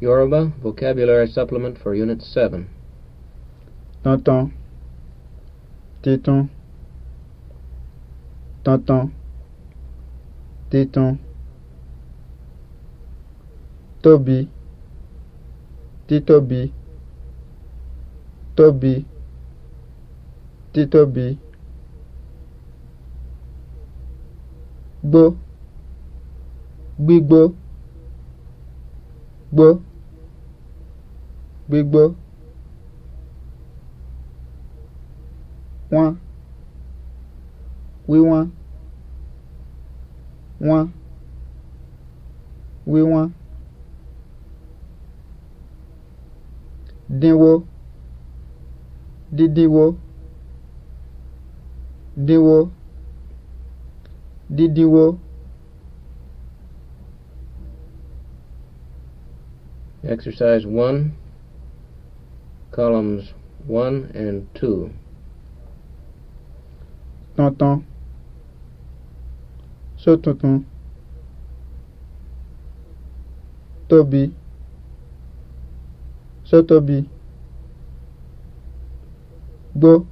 Yoruba Vocabulary Supplement for Unit 7. Tantan. Téton. Tantan. Téton. Toby. Titobi. Toby. Titobi. Gbo. Bo. Bo gbígbó wọ́n wíwọ́n wọ́n wíwọ́n dínwó dídínwó dínwó dídínwó. Exercise 1 columns 1 and 2. Tonton. So tonton. Toby. So Toby. Go.